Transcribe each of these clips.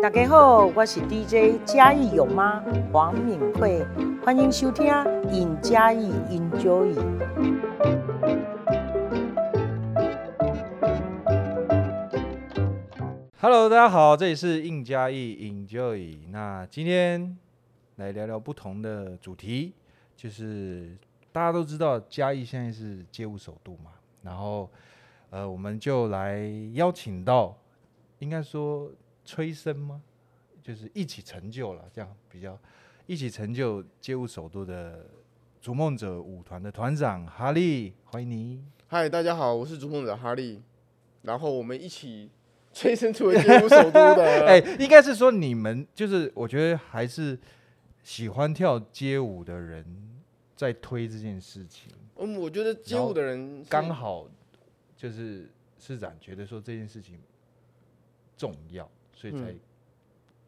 大家好，我是 DJ 嘉義勇媽黃敏慧，歡迎收聽《印嘉義 Enjoy》。Hello，大家好，這裡是《印嘉義 Enjoy》。那今天來聊聊不同的主題，就是大家都知道嘉義現在是街舞首都嘛，然後、呃、我們就來邀請到，應該說。催生嗎？就是一起成就了，這樣比較一起成就街舞首都的築夢者舞團的團長哈利，歡迎你。嗨，大家好，我是築夢者哈利。然後我們一起催生出了街舞首都的。哎、 欸，應該是說你們就是，我覺得還是喜歡跳街舞的人在推這件事情。嗯，我覺得街舞的人剛好就是市長覺得說這件事情重要。所以才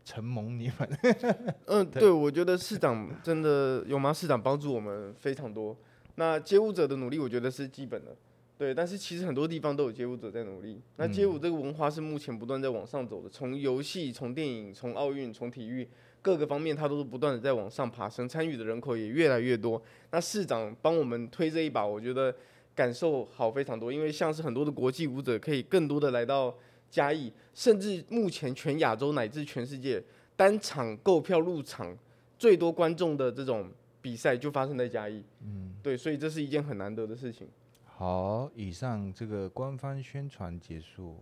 承蒙你們嗯。 對嗯，對，我覺得市長真的有嗎？市長幫助我們非常多。那街舞者的努力，我覺得是基本的。對，但是其實很多地方都有街舞者在努力。那街舞這個文化是目前不斷在往上走的，嗯、從遊戲、從電影、從奧運、從體育各個方面，它都是不斷的在往上爬升，參與的人口也越來越多。那市長幫我們推這一把，我覺得感受好非常多，因為像是很多的國際舞者可以更多的來到。嘉義甚至目前全亞洲乃至全世界單場購票入場最多觀眾的這種比賽，就發生在嘉義。嗯，對，所以這是一件很難得的事情。好，以上這個官方宣傳結束。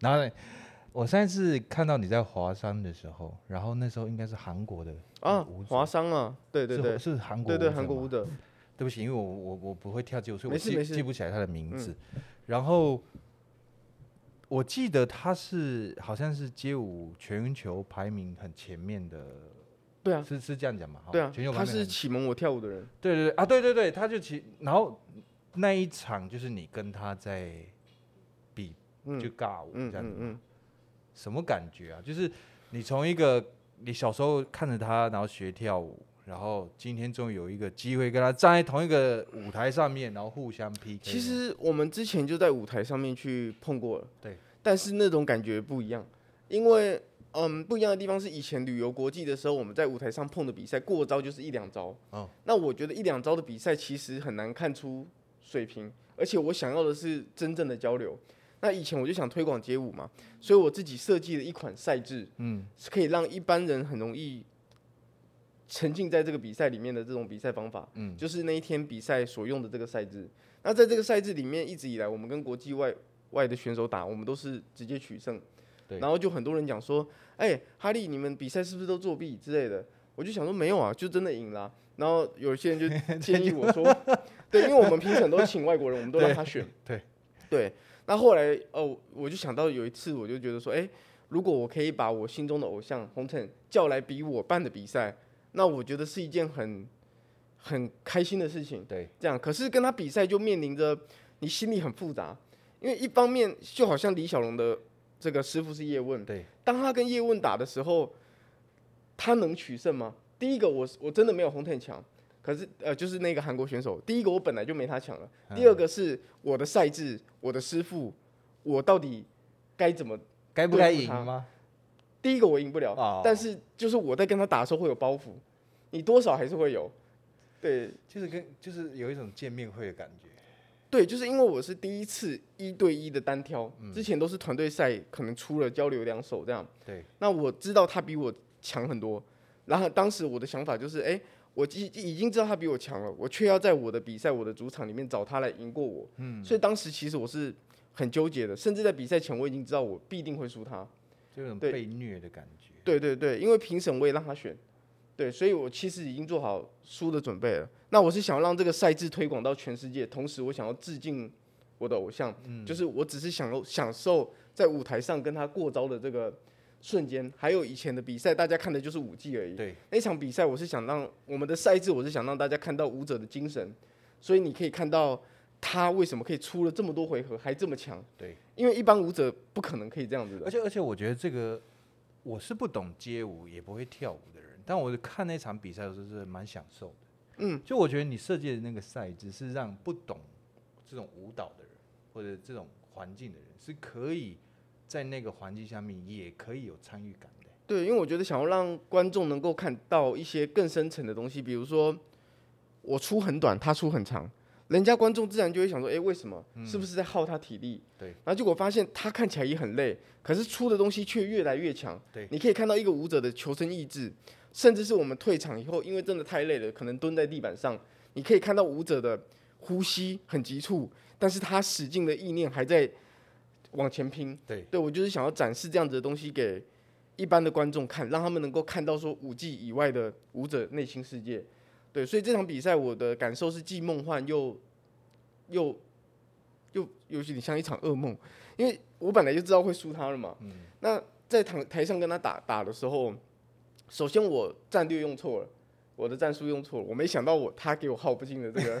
然後，我上次看到你在華山的時候，然後那時候應該是韓國的啊，華山啊，對對對，是韓國，對對韓國舞者。對不起，因為我我我不會跳街舞，所以我記記不起來他的名字。嗯、然後。我記得他是好像是街舞全球排名很前面的。對啊，是是這樣講嘛？對啊，全球排名他是啟蒙我跳舞的人。對對對啊，對對對，他就啟。然後那一場就是你跟他在比，嗯、就尬舞這樣子，嗯嗯嗯，嗯嗯什麼感覺啊？就是你從一個你小時候看着他，然後學跳舞，然後今天終於有一個機會跟他站在同一個舞台上面，嗯、然後互相 PK。其實我們之前就在舞台上面去碰過了，對。但是那種感覺不一樣，因為嗯不一樣的地方是以前旅遊國際的時候，我們在舞台上碰的比賽過招就是一兩招，哦，那我覺得一兩招的比賽其實很難看出水平，而且我想要的是真正的交流。那以前我就想推廣街舞嘛，所以我自己設計了一款賽制，嗯，是可以讓一般人很容易沉浸在這個比賽裡面的這種比賽方法，嗯，就是那一天比賽所用的這個賽制。那在這個賽制裡面，一直以來我們跟國際外。外的選手打我們都是直接取勝，對，然後就很多人講說，哎、欸，哈利，你們比賽是不是都作弊之類的？我就想說沒有啊，就真的贏了、啊。然後有些人就建議我說， 對，因為我們評審都請外國人， 我們都讓他選，對對，對。那後來哦、呃，我就想到有一次，我就覺得說，哎、欸，如果我可以把我心中的偶像紅塵叫來比我辦的比賽，那我覺得是一件很很開心的事情。對，這樣可是跟他比賽就面臨着你心裡很複雜。因為一方面，就好像李小龍的這個師傅是葉問，對，當他跟葉問打的時候，他能取勝嗎？第一個我，我我真的沒有 Hong Ten 強，可是，呃，就是那個韓國選手，第一個我本來就沒他強了，嗯、第二個是我的賽制，我的師傅，我到底該怎麼該不該贏嗎？第一個我贏不了，哦、但是就是我在跟他打的時候會有包袱，你多少還是會有，對，就是跟就是有一種見面會的感覺。對，就是因為我是第一次一對一的單挑，嗯、之前都是團隊賽，可能出了交流兩手這樣。對，那我知道他比我強很多，然後當時我的想法就是，哎，我已已經知道他比我強了，我卻要在我的比賽、我的主場裡面找他來贏過我。嗯，所以當時其實我是很糾結的，甚至在比賽前我已經知道我必定會輸他，就那種被虐的感覺對。對對對，因為評審我也讓他選。對，所以我其實已經做好輸的準備了。那我是想要讓這個賽制推廣到全世界，同時我想要致敬我的偶像，嗯，就是我只是想享受在舞台上跟他過招的這個瞬間。還有以前的比賽，大家看的就是舞技而已。對那場比賽我是想讓我們的賽制，我是想讓大家看到舞者的精神。所以你可以看到他為什麼可以出了這麼多回合還這麼強。對，因為一般舞者不可能可以這樣子的。而且而且，而且我覺得這個我是不懂街舞，也不會跳舞的人。但我看那場比賽的時候是蠻享受的，嗯，就我覺得你設計的那個賽制是讓不懂這種舞蹈的人或者這種環境的人，是可以在那個環境下面也可以有參與感的。嗯、對，因為我覺得想要讓觀眾能夠看到一些更深層的東西，比如說我出很短，他出很長，人家觀眾自然就會想說，哎、欸，為什麼？是不是在耗他體力？對。嗯、然後結果發現他看起來也很累，可是出的東西卻越來越強。對，你可以看到一個舞者的求生意志。甚至是我們退場以後，因為真的太累了，可能蹲在地板上。你可以看到舞者的呼吸很急促，但是他使勁的意念還在往前拼。對，對，我就是想要展示這樣子的東西給一般的觀眾看，讓他們能夠看到說舞技以外的舞者內心世界。對，所以這場比賽我的感受是既夢幻又又又又有點像一場噩夢，因為我本來就知道會輸他了嘛。嗯。那在臺臺上跟他打打的時候。首先，我戰略用錯了，我的戰術用錯了。我沒想到我，我他給我耗不盡的這個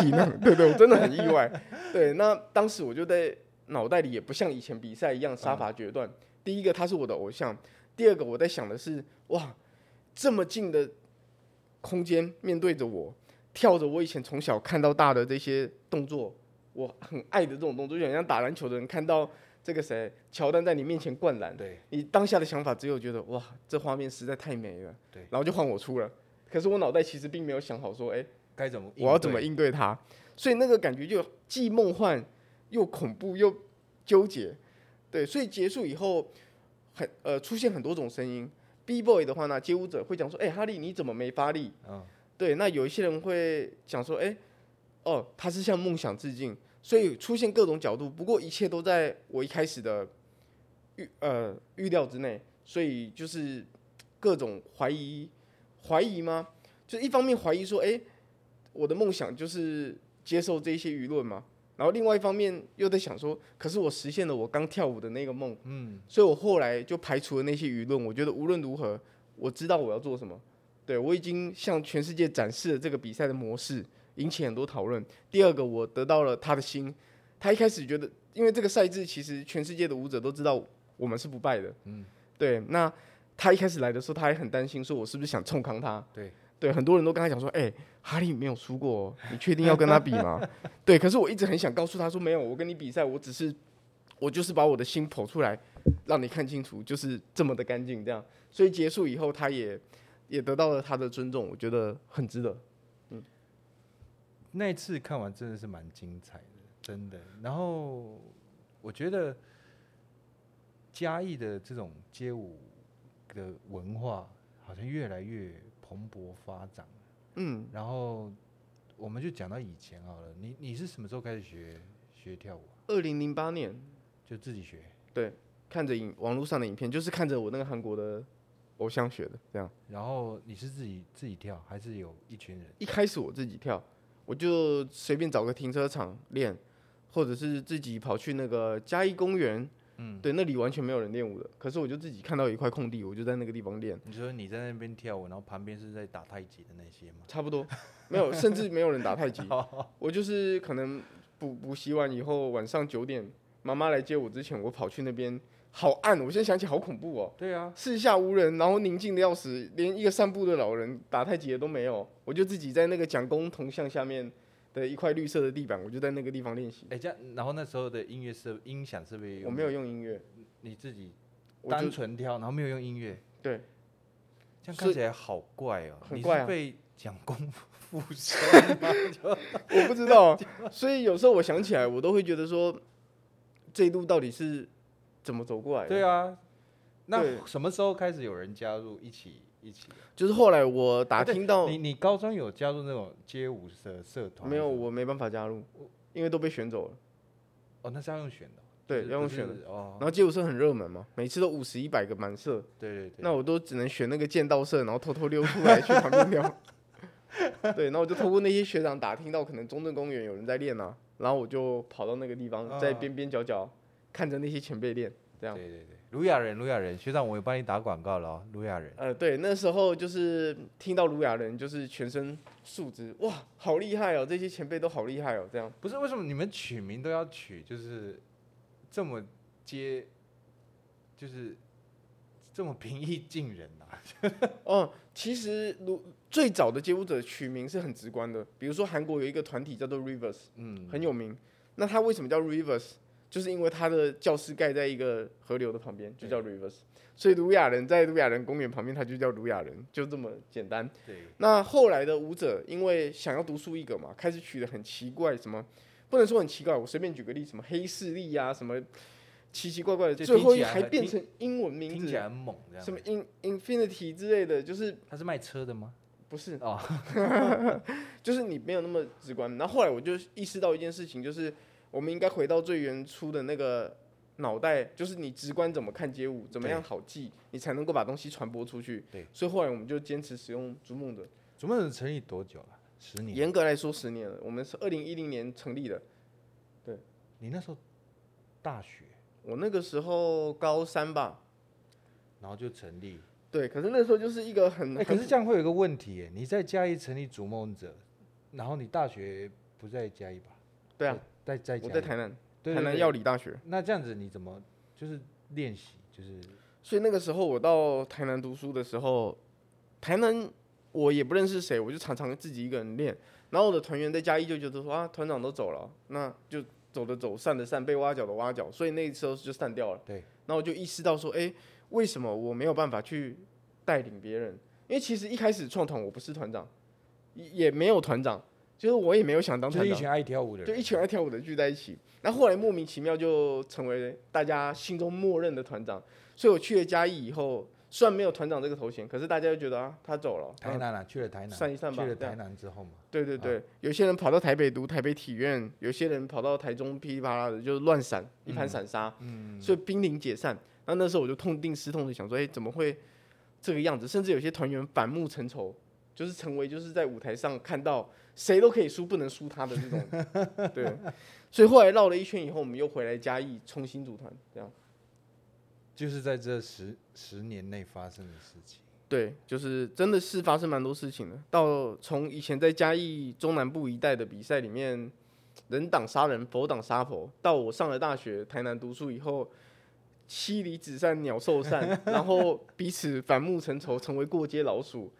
體能， 對,對對，我真的很意外。 對，那當時我就在腦袋裡也不像以前比賽一樣殺伐決斷。嗯。第一個，他是我的偶像；第二個，我在想的是，哇，這麼近的空間，面對着我，跳着我以前從小看到大的這些動作，我很愛的這種動作，就像打籃球的人看到。這個誰，喬丹在你面前灌籃，對你當下的想法只有覺得哇，這畫面實在太美了。對，然後就換我出了，可是我腦袋其實並沒有想好說，哎，該怎麼，我要怎麼應對他？所以那個感覺就既夢幻又恐怖又糾結。對，所以結束以後很，很呃出現很多種聲音。B boy 的話呢，街舞者會講說，哎，哈利你怎麼沒發力？嗯、對，那有一些人會講說，哎，哦，他是向夢想致敬。所以出現各種角度，不過一切都在我一開始的預呃預料之內，所以就是各種懷疑懷疑嗎？就一方面懷疑說，哎、欸，我的夢想就是接受這些輿論嘛；然後另外一方面又在想說，可是我實現了我剛跳舞的那個夢，嗯，所以我後來就排除了那些輿論。我覺得無論如何，我知道我要做什麼。對，我已經向全世界展示了這個比賽的模式。引起很多討論。第二個，我得到了他的心。他一開始覺得，因為這個賽制，其實全世界的舞者都知道我們是不敗的。嗯，對。那他一開始來的時候，他也很擔心，說我是不是想衝康他？對，對。很多人都跟他講說，哎、欸，哈利沒有輸過，你確定要跟他比嗎？ 對。可是我一直很想告訴他說，沒有，我跟你比賽，我只是，我就是把我的心剖出來，讓你看清楚，就是這麼的乾淨。這樣，所以結束以後，他也，也得到了他的尊重，我覺得很值得。那一次看完真的是蠻精彩的，真的。然後我覺得嘉義的這種街舞的文化好像越來越蓬勃發展。嗯。然後我們就講到以前好了，你你是什麼時候開始學學跳舞啊？二零零八年就自己學。對，看着影網絡上的影片，就是看着我那個韓國的偶像學的這樣。然後你是自己自己跳，還是有一群人？一開始我自己跳。我就隨便找個停車場練，或者是自己跑去那個嘉義公園，嗯，對，那裡完全沒有人練舞的。可是我就自己看到一塊空地，我就在那個地方練。你說你在那邊跳舞，然後旁邊是在打太極的那些嗎？差不多，沒有， 甚至沒有人打太極。 我就是可能補補習完以後，晚上九點，媽媽來接我之前，我跑去那邊。好暗，我現在想起好恐怖哦。對啊，四下無人，然後寧靜的要死，連一個散步的老人、打太極的都沒有，我就自己在那個蔣公銅像下面的一塊綠色的地板，我就在那個地方練習。哎、欸，這樣，然後那時候的音樂是音響是不？我沒有用音樂，你自己單挑，單純跳，然後沒有用音樂。對，這樣看起來好怪哦。很怪、啊、你是被蔣公附身嗎我不知道、啊， 所以有時候我想起來，我都會覺得說，這一路到底是。怎麼走過來？對啊，那什麼時候開始有人加入一起對一起？就是後來我打聽到你你高中有加入那種街舞社社團？沒有，我沒辦法加入，因為都被選走了。哦，那是要用選的，對，是要用選的。哦。然後街舞社很熱門嘛，每次都五十一百個滿社。對對對。那我都只能選那個劍道社，然後偷偷溜出來去旁邊跳 對，然後我就透過那些學長打聽到，可能中正公園有人在練啊，然後我就跑到那個地方，在邊邊角角。啊看着那些前輩練，這樣對對對，魯雅人魯雅人，學長我也幫你打廣告了哦，魯雅人。呃，對，那時候就是聽到魯雅人就是全身素質哇，好厲害哦，這些前輩都好厲害哦，這樣。不是為什麼你們取名都要取就是這麼接，就是這麼平易近人吶、啊？ 哦，其實魯最早的街舞者取名是很直觀的，比如說韓國有一個團體叫做 Rivers，嗯，很有名。那他為什麼叫 Rivers？就是因為他的教室蓋在一個河流的旁邊，就叫 Rivers。對所以盧雅人在盧雅人公園旁邊，他就叫盧雅人，就這麼簡單。對那後來的舞者因為想要獨樹一格嘛，開始取得很奇怪，什麼不能說很奇怪，我隨便舉個例，什麼黑勢力呀、啊，什麼奇奇怪怪的，最後還變成英文名字，聽起來很猛，什麼 In Infinity 之類的，就是他是賣車的嗎？不是，哦， 就是你沒有那麼直觀。然後後來我就意識到一件事情，就是。我們應該回到最原初的那個腦袋，就是你直觀怎麼看街舞，怎麼樣好記，對你才能夠把東西傳播出去。對，所以後來我們就堅持使用“逐夢者”。逐夢者成立多久了？十年。嚴格來說，十年了。我們是二零一零年成立的。對。你那時候大學？我那個時候高三吧。然後就成立。對，可是那時候就是一個很難……哎，可是這樣會有一個問題耶，你在嘉義成立“逐夢者”，然後你大學不在嘉義吧？對啊，對在在我在台南，台南藥理大學對對對。那這樣子你怎麼就是練習就是？所以那個時候我到台南讀書的時候，台南我也不認識誰，我就常常自己一個人練。然後我的團員在嘉義就覺得說啊，團長都走了，那就走的走，散的散，被挖角的挖角，所以那時候就散掉了。對。然後我就意識到說，哎、欸，為什麼我沒有辦法去帶領別人？因為其實一開始創團我不是團長，也沒有團長。就是我也沒有想當，就一群愛跳舞的人，就一群愛跳舞的聚在一起，那後來莫名其妙就成為大家心中默認的團長。所以我去了嘉義以後，雖然沒有團長這個頭銜，可是大家就覺得啊，他走了，台南了、啊，啊、去了台南，算一算吧。去了台南之後嘛，對對對，啊、有些人跑到台北讀台北體院，有些人跑到台中噼里啪啦的，就是亂散，一盤散沙，嗯，所以瀕臨解散。那那時候我就痛定思痛的想說，哎、欸，怎麼會這個樣子？甚至有些團員反目成仇。就是成為，就是在舞台上看到誰都可以輸，不能輸他的這種，對。 所以後來繞了一圈以後，我們又回來嘉義重新組團，這樣。就是在這十十年內發生的事情。對，就是真的是發生蠻多事情的。到從以前在嘉義中南部一帶的比賽裡面，人擋殺人，佛擋殺佛，到我上了大學台南讀書以後，妻離子散，鳥獸散，然後彼此反目成仇，成為過街老鼠。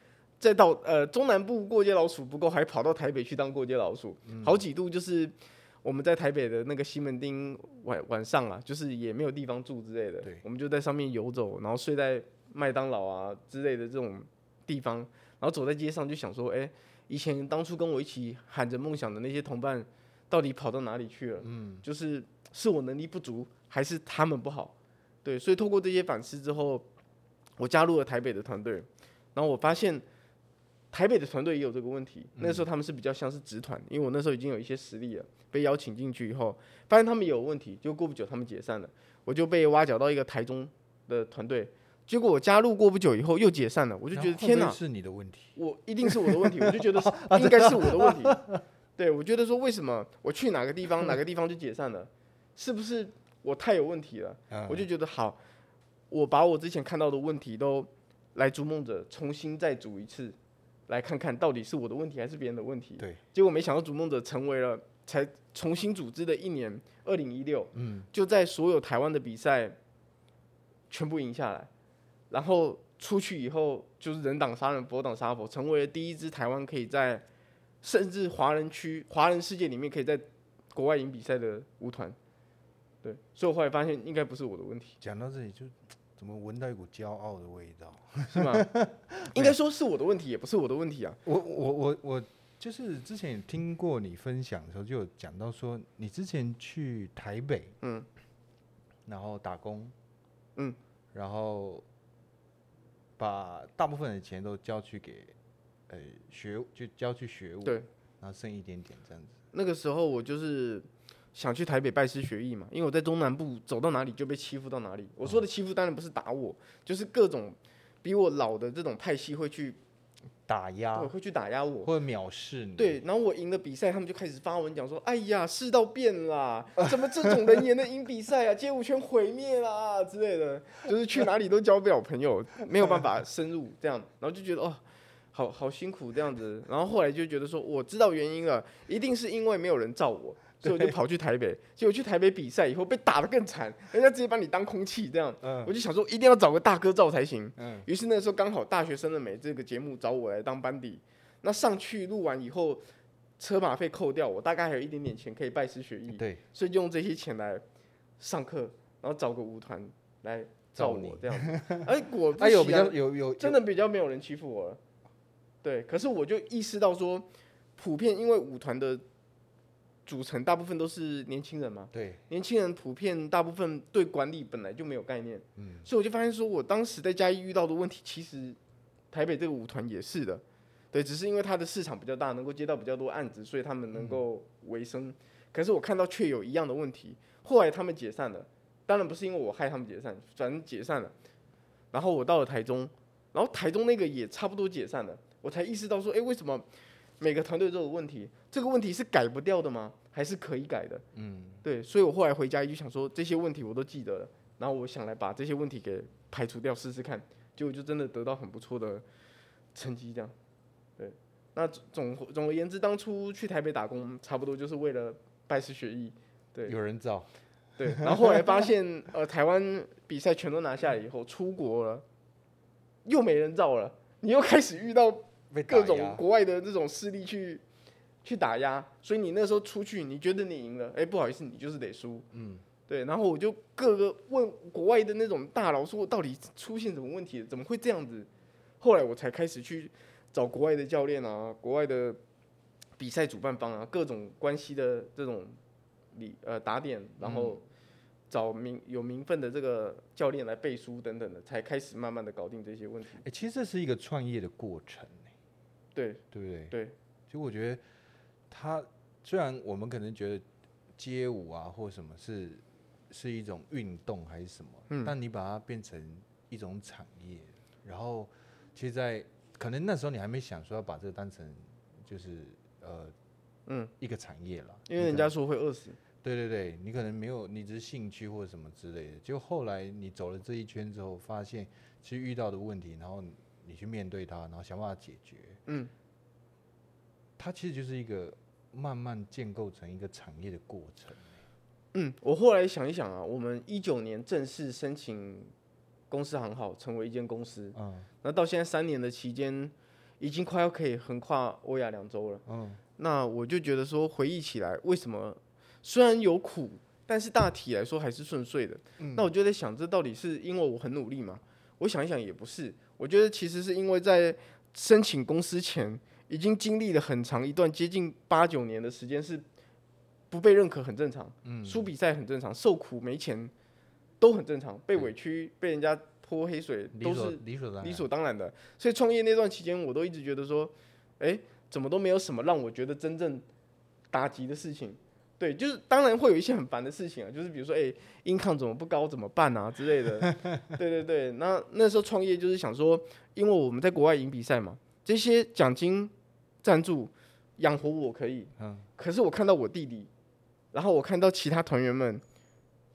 再到呃中南部過街老鼠不夠，還跑到台北去當過街老鼠。嗯、好幾度就是我們在台北的那個西門町晚晚上啊，就是也沒有地方住之類的，對我們就在上面遊走，然後睡在麥當勞啊之類的這種地方，然後走在街上就想說，哎、欸，以前當初跟我一起喊着夢想的那些同伴到底跑到哪裡去了？嗯，就是是我能力不足，還是他們不好？對，所以透過這些反思之後，我加入了台北的團隊，然後我發現。台北的團隊也有這個問題，那時候他們是比較像是直團。嗯、因為我那時候已經有一些實力了，被邀請進去以後，發現他們有問題，就過不久他們解散了，我就被挖角到一個台中的團隊，結果我加入過不久以後又解散了，我就覺得天哪，是你的問題？我一定是我的問題， 我就覺得是應該是我的問題， 對我覺得說，為什麼我去哪個地方 哪個地方就解散了，是不是我太有問題了？嗯嗯，我就覺得好，我把我之前看到的問題都來築夢者重新再組一次，來看看到底是我的問題還是別人的問題？對，結果沒想到築夢者成為了才重新組織的一年，二零一六，嗯，就在所有台灣的比賽全部贏下來，然後出去以後就是人擋殺人，佛擋殺佛，成為了第一支台灣可以在甚至華人區、華人世界裡面可以在國外贏比賽的舞團。對，所以我後來發現應該不是我的問題。講到這裡就。怎麼聞到一股驕傲的味道？是嗎？ 對 應該說是我的問題，也不是我的問題啊，我我。我我我我，就是之前也聽過你分享的時候，就有講到說，你之前去台北，嗯，然後打工，嗯，然後把大部分的錢都交去給呃、欸、學，就交去學舞，對，然後剩一點點這樣子。那個時候我就是。想去台北拜師學藝嘛？因為我在中南部走到哪裡就被欺負到哪裡。我說的欺負當然不是打我，哦、就是各種比我老的這種派系會去打壓壓，會去打壓我，會藐視你。對，然後我贏了比賽，他們就開始發文講說：“哎呀，世道變了、啊，怎麼這種人也能贏比賽啊？ 街舞圈毀滅啦！”之類的。”就是去哪裡都交不了朋友，沒有辦法深入這樣，然後就覺得哦，好好辛苦這樣子。然後後來就覺得說，我知道原因了，一定是因為沒有人罩我。所以我就跑去台北，對結果去台北比賽以後被打得更慘，人家直接把你當空氣這樣。嗯、我就想說一定要找個大哥罩才行。嗯、於是那時候剛好《大學生了沒》這個節目找我來當班底，那上去錄完以後車馬費扣掉，我大概還有一點點錢可以拜師學藝。對，所以就用這些錢來上課，然後找個舞團來罩我這樣。哎罩你，我、 啊、比較有有，有真的比較沒有人欺負我了。對，可是我就意識到說，普遍因為舞團的。組成大部分都是年輕人嘛，對，年輕人普遍大部分對管理本來就沒有概念，嗯，所以我就發現說我當時在嘉義遇到的問題，其實台北這個舞團也是的，對，只是因為它的市場比較大，能夠接到比較多案子，所以他們能夠維生。嗯，可是我看到卻有一樣的問題，後來他們解散了，當然不是因為我害他們解散，反正解散了。然後我到了台中，然後台中那個也差不多解散了，我才意識到說，哎，欸，為什麼每個團隊都有問題？這個問題是改不掉的嗎？還是可以改的，嗯，對，所以我後來回家就想說這些問題我都記得了，然後我想來把這些問題給排除掉試試看，結果就真的得到很不錯的成績，這樣，對，那總總而言之，當初去台北打工差不多就是為了拜師學藝，對，有人罩，對，然後後來發現呃台灣比賽全都拿下來以後出國了，又沒人罩了，你又開始遇到各種國外的這種勢力去。去打壓，所以你那時候出去，你覺得你贏了，哎、欸，不好意思，你就是得輸。嗯，對。然後我就各個問國外的那種大佬，說到底出現什麼問題，怎麼會這樣子？後來我才開始去找國外的教練啊，國外的比賽主辦方啊，各種關係的這種理呃打點，然後找名有名分的這個教練來背書等等的，才開始慢慢的搞定這些問題。哎、欸，其實這是一個創業的過程，對對不對？對，其實對我覺得。他雖然我們可能覺得街舞啊，或什麼是是一種運動還是什麼，嗯，但你把它變成一種產業，然後其實在，在可能那時候你還沒想說要把這個當成就是呃嗯一個產業了，因為人家說會餓死。對對對，你可能沒有，你只是興趣或者什麼之類的，就後來你走了這一圈之後，發現其實遇到的問題，然後你去面對它，然後想辦法解決。嗯。它其實就是一個慢慢建構成一個產業的過程，欸。嗯，我後來想一想啊，我們一九年正式申請公司行號，成為一間公司，嗯，那到現在三年的期間，已經快要可以橫跨歐亞兩洲了。嗯，那我就覺得說，回憶起來，為什麼雖然有苦，但是大體來說還是順遂的。嗯、那我就在想，這到底是因為我很努力嗎？我想一想也不是，我覺得其實是因為在申請公司前，已經經歷了很長一段接近八九年的時間，是不被認可很正常，嗯，輸比賽很正常，受苦沒錢都很正常，被委屈、嗯、被人家潑黑水理所都是理所理所當然的。理所當然的。所以創業那段期間，我都一直覺得說，誒、欸，怎麼都沒有什麼讓我覺得真正打擊的事情。對，就是當然會有一些很煩的事情啊，就是比如說，誒、欸、，income 怎麼不高怎麼辦啊之類的。 對對對，那那時候創業就是想說，因為我們在國外贏比賽嘛，這些獎金。贊助養活我可以，嗯，可是我看到我弟弟，然後我看到其他團員們，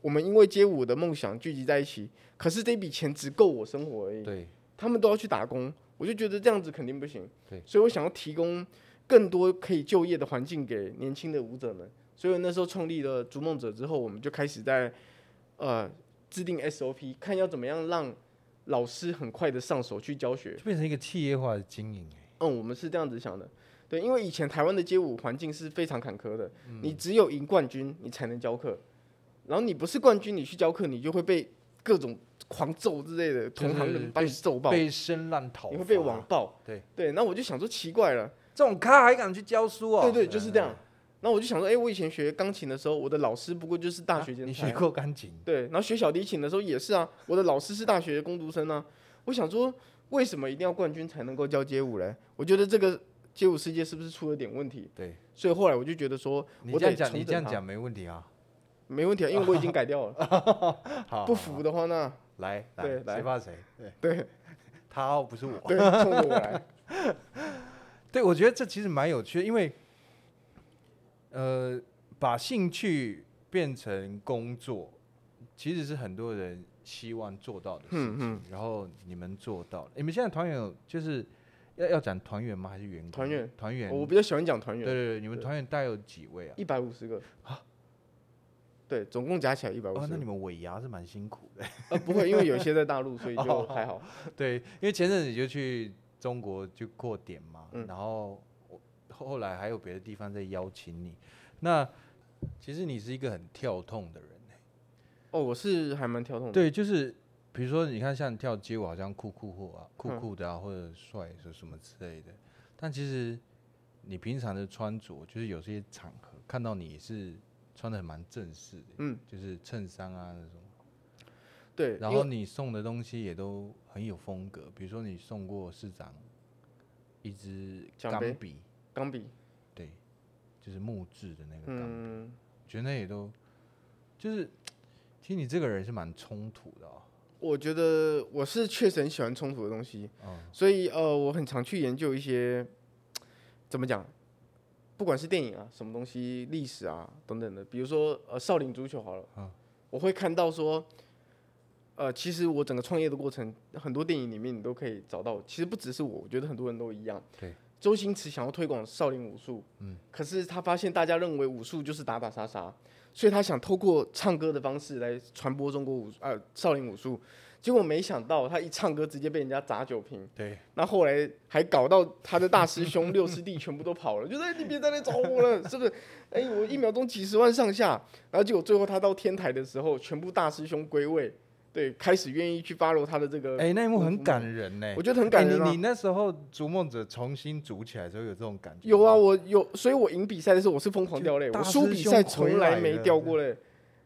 我們因為街舞的夢想聚集在一起，可是這筆錢只夠我生活而已，對，他們都要去打工，我就覺得這樣子肯定不行，對所以我想要提供更多可以就業的環境給年輕的舞者們，所以我那時候創立了築夢者之後，我們就開始在呃制定 SOP，看要怎麼樣讓老師很快的上手去教學，就變成一個企業化的經營。嗯，我們是這樣子想的，對，因為以前台灣的街舞環境是非常坎坷的，嗯、你只有贏冠軍你才能教課，然後你不是冠軍你去教課，你就會被各種狂揍之類的同行人被揍爆，被聲浪、啊、你會被網暴。對對，那我就想說奇怪了，這種咖還敢去教書啊、哦？對，對對，就是這樣。那我就想說，哎、欸，我以前學鋼琴的時候，我的老師不過就是大學生、啊啊、你學過鋼琴？對，然後學小提琴的時候也是啊，我的老師是大學 工讀生啊。我想說。為什麼一定要冠軍才能夠教街舞呢？我覺得這個街舞世界是不是出了點問題？對，所以後來我就覺得說，我得衝著它。你這樣講，你這樣講沒問題啊？沒問題啊，因為我已經改掉了。 好，好，好，不服的話呢？來，來來，誰怕誰？對，對他、哦、不是我，衝、嗯、來。 對，我覺得這其實蠻有趣的，因為，呃，把興趣變成工作，其實是很多人。期望做到的事情，嗯嗯、然後你們做到了。你們現在團員就是要要講團員嗎？還是員工？團員圓，團員圓。我比較喜歡講團員。對對對，你們團員大概有幾位啊？一百五十個、啊、對，總共加起來一百五十。那你們尾牙是蠻辛苦的。啊，不會，因為有些在大陸，所以就還好。 哦、對，因為前陣子就去中國就過點嘛，嗯、然後我後來還有別的地方在邀請你。那其實你是一個很跳痛的人。哦，oh, 我是還蠻跳動的。對，就是比如說，你看像你跳街舞，好像酷酷或啊，酷酷的啊，嗯、或者帥是什麼之類的。但其實你平常的穿着，就是有些場合看到你是穿得蠻正式的，嗯，就是襯衫啊那種。對。然後你送的東西也都很有風格，為比如說你送過市長一支鋼筆，鋼筆，對，就是木質的那個鋼筆，嗯、覺得那也都就是。其實你這個人是蠻衝突的哦。我覺得我是確實很喜歡衝突的東西，所以呃，我很常去研究一些怎麼講，不管是電影啊、什麼東西、歷史啊等等的。比如說呃，少林足球好了，我會看到說，呃，其實我整個創業的過程，很多電影裡面你都可以找到。其實不只是我，我覺得很多人都一樣。對，周星馳想要推廣少林武術，可是他發現大家認為武術就是打打殺殺。所以他想透過唱歌的方式來傳播中國武、呃、少林武術，結果沒想到他一唱歌直接被人家砸酒瓶，對，那後，後來還搞到他的大師兄六師弟全部都跑了， 就是、哎、你別再來找我了，是不是？哎，我一秒鐘幾十萬上下，然後結果最後他到天台的時候，全部大師兄歸位。對，開始願意去 follow 他的這個。哎、欸，那一幕很感人呢、欸，我覺得很感人、啊欸你。你那時候築夢者重新組起來之後有這種感覺？有啊，我有，所以我贏比賽的時候我是瘋狂掉淚，我輸比賽從來沒掉過淚，對對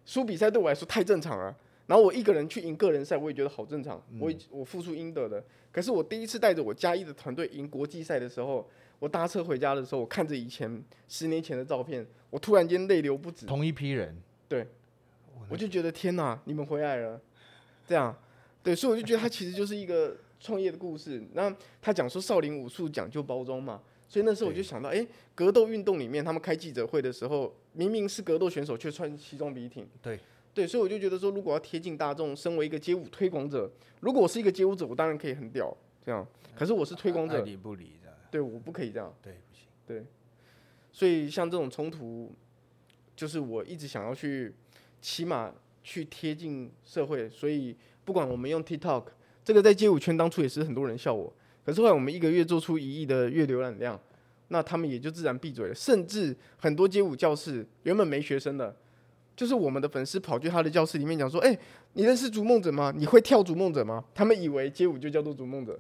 輸比賽對我來說太正常了。然後我一個人去贏個人賽，我也覺得好正常，嗯、我我付出應得的。可是我第一次帶着我嘉義的團隊贏國際賽的時候，我搭車回家的時候，我看着以前十年前的照片，我突然間淚流不止。同一批人，對，我就覺得天吶，你們回來了。這樣，對，所以我就覺得他其實就是一個創業的故事。那他講說少林武術講究包裝嘛，所以那時候我就想到，哎對，格鬥運動裡面他們開記者會的時候，明明是格鬥選手卻穿西裝筆挺。對，對，所以我就覺得說，如果要貼近大眾，身為一個街舞推廣者，如果我是一個街舞者，我當然可以很屌這樣。可是我是推廣者，啊，愛理不理對，我不可以這樣。對，對，所以像這種衝突，就是我一直想要去，起碼。去貼近社會，所以不管我們用 TikTok，這個在街舞圈當初也是很多人笑我，可是後來我們一個月做出一億的月瀏覽量，那他們也就自然閉嘴了。甚至很多街舞教室原本沒學生的，就是我們的粉絲跑去他的教室裡面講說：“哎、欸，你認識《築夢者》嗎？你會跳《築夢者》嗎？”他們以為街舞就叫做《築夢者》。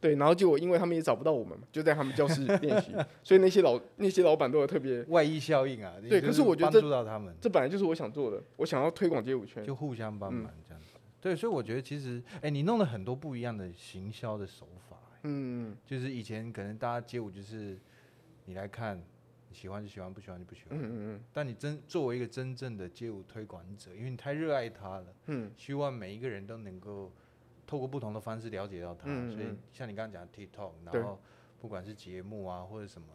對，然後就我，因為他們也找不到我們就在他們教室裡練習， 所以那些老那些老闆都有特別外溢效應啊。對，可是我覺得幫助到他們，這本來就是我想做的，我想要推廣街舞圈，就互相幫忙、嗯、這樣子。對，所以我覺得其實，哎，你弄了很多不一樣的行銷的手法，嗯，嗯，就是以前可能大家街舞就是你來看，你喜歡就喜歡，不喜歡就不喜歡。嗯嗯嗯。但你真作為一個真正的街舞推廣者，因為你太熱愛它了，嗯，希望每一個人都能夠。透過不同的方式了解到他，嗯嗯，所以像你剛剛講的 TikTok，然後不管是節目啊或者什麼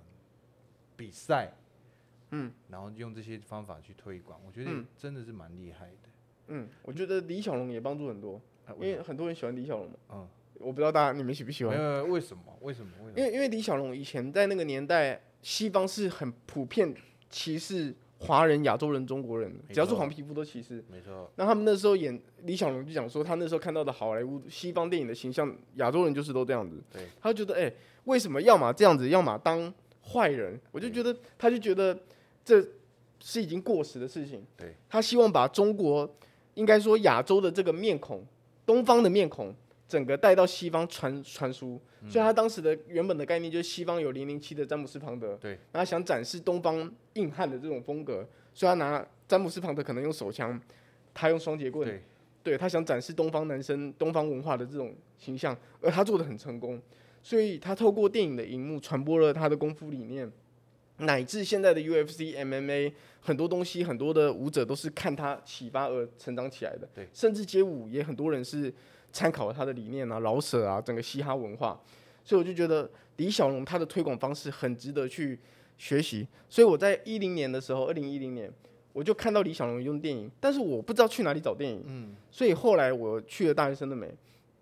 比賽，對嗯，然後用這些方法去推廣，我覺得真的是蠻厲害的。嗯，我覺得李小龍也幫助很多，因為很多人喜歡李小龍嘛，嗯，啊、我不知道大家你們喜不喜歡？沒沒沒，為什麼？為什麼？為什麼？因為因為李小龍以前在那個年代，西方是很普遍歧視。華人、亞洲人、中國人，只要是黃皮膚都歧視。沒錯。那他們那時候演李小龍就講說，他那時候看到的好萊塢西方電影的形象，亞洲人就是都這樣子。對。他就覺得，欸，為什麼要麼這樣子，要麼當壞人？對。我就覺得，他就覺得這是已經過時的事情。對。他希望把中國，應該說亞洲的這個面孔，東方的面孔。整個帶到西方傳傳輸，所以他當時的原本的概念就是西方有零零七的詹姆斯·龐德，對，然後想展示東方硬漢的這種風格。所以他拿詹姆斯·龐德可能用手槍，他用雙截棍，對，他想展示東方男生，東方文化的這種形象，而他做的很成功。所以他透過電影的熒幕傳播了他的功夫理念，乃至現在的 UFC、MMA 很多東西，很多的舞者都是看他啟發而成長起來的。甚至街舞也很多人是。參考了他的理念啊，老捨啊，整個嘻哈文化，所以我就覺得李小龍他的推廣方式很值得去學習。所以我在一零年的時候，二零一零年，我就看到李小龍用電影，但是我不知道去哪裡找電影。嗯。所以後來我去了大學生的美，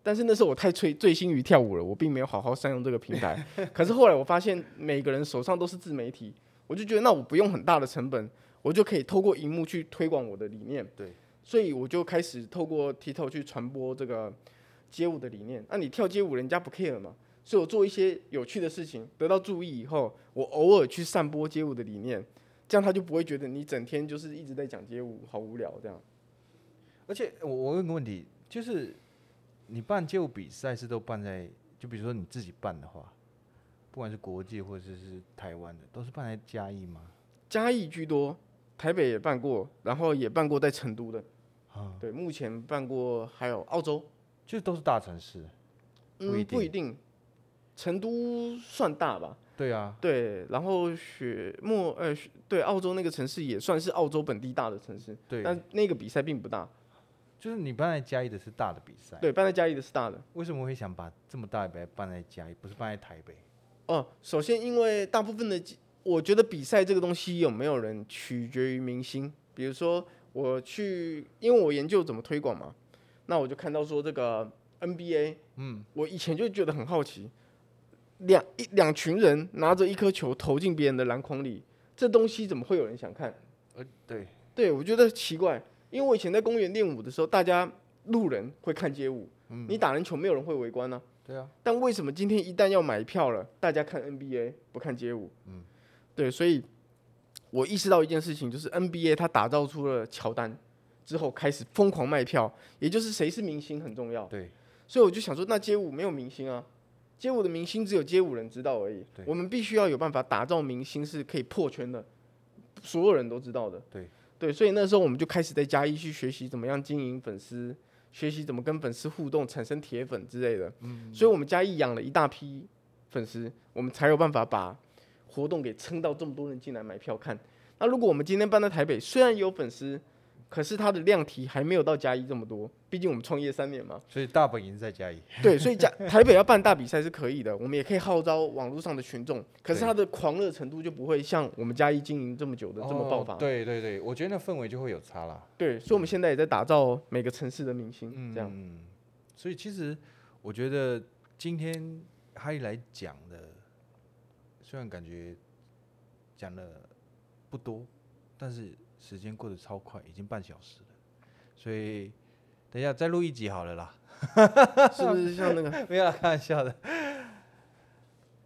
但是那時候我太醉醉心於跳舞了，我並沒有好好善用這個平台。 可是後來我發現每個人手上都是自媒體，我就覺得那我不用很大的成本，我就可以透過熒幕去推廣我的理念。對。所以我就開始透過 TikTok 去傳播這個街舞的理念。那、啊、你跳街舞，人家不 care 嘛？所以我做一些有趣的事情，得到注意以後，我偶爾去散播街舞的理念，這樣他就不會覺得你整天就是一直在講街舞，好無聊這樣。而且我我問個問題，就是你辦街舞比賽是都辦在，就比如說你自己辦的話，不管是國際或者是台灣的，都是辦在嘉義嗎？嘉義居多。台北也辦過，然後也辦過在成都的，嗯、對，目前辦過還有澳洲，就都是大城市不，嗯，不一定，成都算大吧？對啊，對，然後雪墨呃雪，對，澳洲那個城市也算是澳洲本地大的城市，對，但那個比賽並不大，就是你辦在嘉義的是大的比賽，對，辦在嘉義的是大的，為什麼會想把這麼大一杯辦在嘉義，不是辦在台北？哦，首先因為大部分的。我覺得比賽這個東西有沒有人取決於明星。比如說我去，因為我研究怎麼推廣嘛，那我就看到說這個 NBA，嗯，我以前就覺得很好奇，兩一兩群人拿着一顆球投進別人的籃筐裡，這東西怎麼會有人想看？呃、欸，對，對，我覺得奇怪，因為我以前在公園練舞的時候，大家路人會看街舞，嗯、你打籃球沒有人會圍觀呢、啊。對啊，但為什麼今天一旦要買票了，大家看 NBA 不看街舞？嗯。對，所以，我意識到一件事情，就是 NBA 它打造出了喬丹之後，開始瘋狂賣票，也就是誰是明星很重要。對，所以我就想說，那街舞沒有明星啊，街舞的明星只有街舞人知道而已。對。我們必須要有辦法打造明星，是可以破圈的，所有人都知道的。對，對，所以那時候我們就開始在嘉義去學習怎麼樣經營粉絲，學習怎麼跟粉絲互動，產生鐵粉之類的。嗯，所以我們嘉義養了一大批粉絲，我們才有辦法把。活動給撐到這麼多人進來買票看，那如果我們今天搬到台北，雖然有粉絲，可是他的量體還沒有到嘉義這麼多，畢竟我們創業三年嘛。所以大本營在嘉義對，所以嘉台北要辦大比賽是可以的，我們也可以號召網絡上的群眾，可是他的狂熱程度就不會像我們嘉義經營這麼久的對這麼爆發、哦。對對對，我覺得那氛圍就會有差了。對，所以我們現在也在打造每個城市的明星，嗯、這樣。所以其實我覺得今天哈利來講的。雖然感覺講了不多，但是時間過得超快，已經半小時了。所以等一下再錄一集好了啦。是不是 像那個？不要、啊、開玩笑的。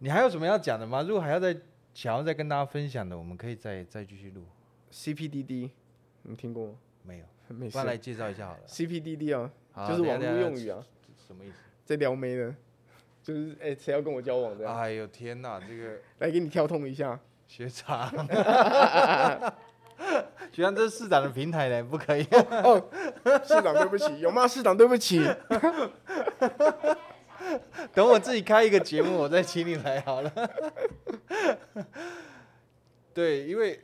你還有什麼要講的嗎？如果還要再、想要再跟大家分享的，我們可以再、再繼續錄。CPDD，你聽過嗎？沒有，沒事。我來介紹一下好了。CPDD 啊，啊就是網絡用語啊。什麼意思？在撩妹呢。就是哎，誰、欸、要跟我交往的？哎呦天哪，這個 來給你跳通一下，學長， 學長，這是市長的平台呢？不可以。 oh, oh, 市長對不起，有嗎？市長對不起。 等我自己開一個節目，我再請你來好了。 對，因為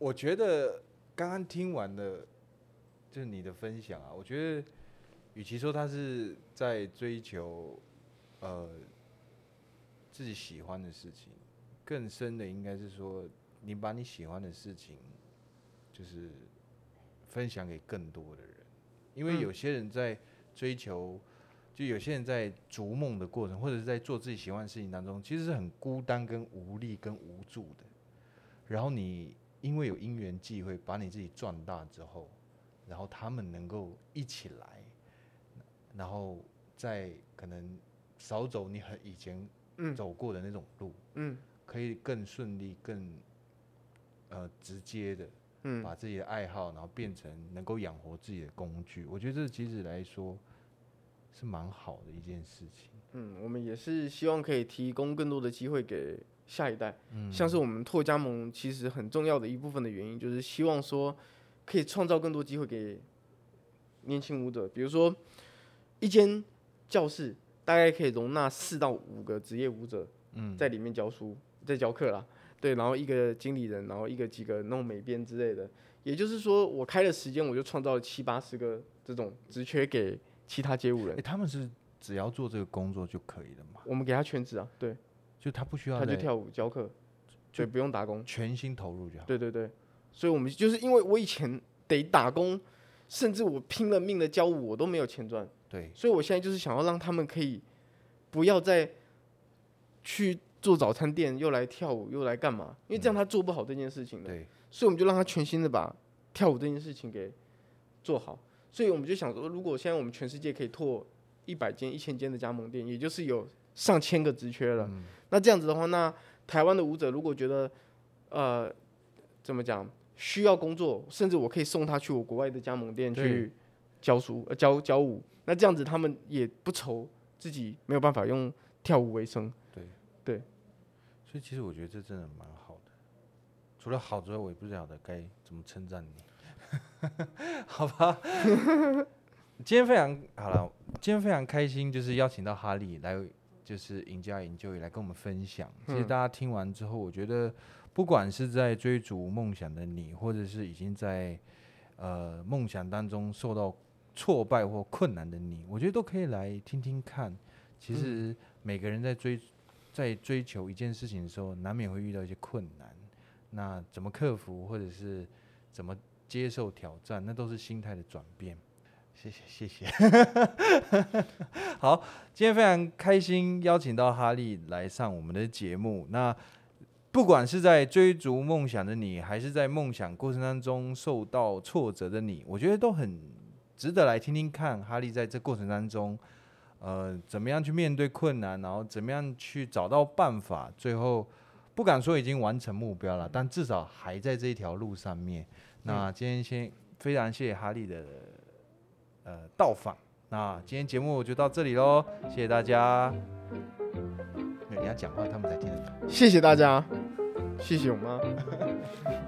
我覺得剛剛聽完的，就是你的分享啊，我覺得。與其說他是在追求，呃，自己喜歡的事情，更深的應該是說，你把你喜歡的事情，就是分享給更多的人，因為有些人在追求，嗯、就有些人在逐夢的過程，或者是在做自己喜歡的事情當中，其實是很孤單、跟無力、跟無助的。然後你因為有因緣際會，把你自己壯大之後，然後他們能夠一起來。然後，再可能少走你很以前走過的那種路，嗯，可以更順利、更呃直接的，嗯，把自己的愛好然後變成能夠養活自己的工具。我覺得這其實來說是蠻好的一件事情。嗯，我們也是希望可以提供更多的機會給下一代，嗯，像是我們拓加盟其實很重要的一部分的原因，就是希望說可以創造更多機會給年輕舞者，比如說。一間教室大概可以容納四到五個職業舞者，嗯，在裡面教書、嗯、在教課啦。對，然後一個經理人，然後一個幾個弄美編之類的。也就是說，我開了時間，我就創造了七八十個這種職缺給其他街舞人、欸。他們是只要做這個工作就可以了嘛？我們給他全職啊，對。就他不需要，他就跳舞教課，所以不用打工，全心投入就好。對，對對對，所以我們就是因為我以前得打工，甚至我拼了命的教舞，我都沒有錢賺。所以我現在就是想要讓他們可以，不要再去做早餐店，又來跳舞，又來幹嘛？因為這樣他做不好這件事情的。所以我們就讓他全心的把跳舞這件事情給做好。所以我們就想說，如果現在我們全世界可以拓一百間、一千間的加盟店，也就是有上千個職缺了，嗯、那這樣子的話，那台灣的舞者如果覺得，呃，怎麼講，需要工作，甚至我可以送他去我國外的加盟店去。教書呃，教教舞，那這樣子他們也不愁自己沒有辦法用跳舞為生。對對，對，所以其實我覺得這真的蠻好的。除了好之外，我也不曉得該怎麼稱讚你。 好吧， 今天非常好了，今天非常開心，就是邀請到哈利來，就是贏家營救，也來跟我們分享。嗯，其實大家聽完之後，我覺得不管是在追逐夢想的你，或者是已經在呃夢想當中受到。挫敗或困難的你，我覺得都可以來聽聽看。其實每個人在追在追求一件事情的時候，難免會遇到一些困難。那怎麼克服，或者是怎麼接受挑戰，那都是心態的轉變。謝謝，謝謝。 好，今天非常開心邀請到哈利來上我們的節目。那不管是在追逐夢想的你，還是在夢想過程當中受到挫折的你，我覺得都很。值得來聽聽看哈利在這過程當中，呃，怎麼樣去面對困難，然後怎麼樣去找到辦法，最後不敢說已經完成目標了，但至少還在這一條路上面。那今天先非常謝謝哈利的呃到訪，那今天節目就到這裡嘍，謝謝大家。嗯、你要講話他們才聽得懂。謝謝大家，嗯、謝謝我媽。